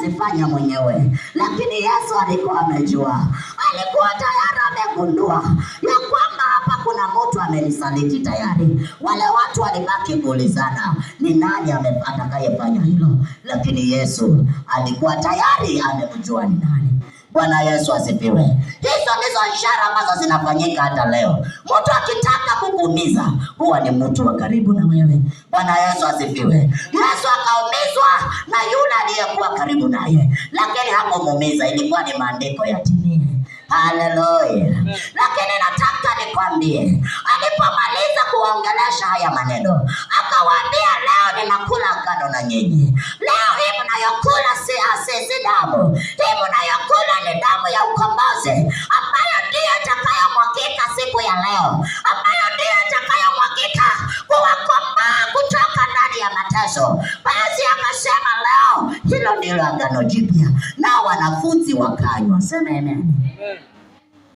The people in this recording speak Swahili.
zifanya mwenyewe, lakini Yesu alikuwa amejua, alikuwa tayari amegundua ya kwamba hapa kuna mtu amenisaliti tayari. Wale watu walibaki kuulizana ni nani atakayefanya hilo, lakini Yesu alikuwa tayari amemjua ni nani. Bwana Yesu asifiwe. Hizo ndizo ishara ambazo zinafanyika hata leo. Mtu akitaka kukuumiza huwa ni mtu wa karibu na wewe. Bwana Yesu asifiwe. Yesu akaumizwa naye, lakini hakumuumiza. Ilikuwa ni maandiko yatimie. Haleluya! Lakini nataka nikwambie, alipomaliza kuwaongelesha haya maneno, akawaambia leo ninakula agano na nyinyi. Leo hii mnayokula si asisi ah, damu, hii mnayokula ni damu ya ukombozi ambayo ndiyo itakayomwagika siku ya leo, ambayo ndiyo itakayomwagika kuwakomboa kutoka ndani ya mateso. Basi akasema leo hilo ndilo agano jipya, na wanafunzi wakanywa. Sema amen.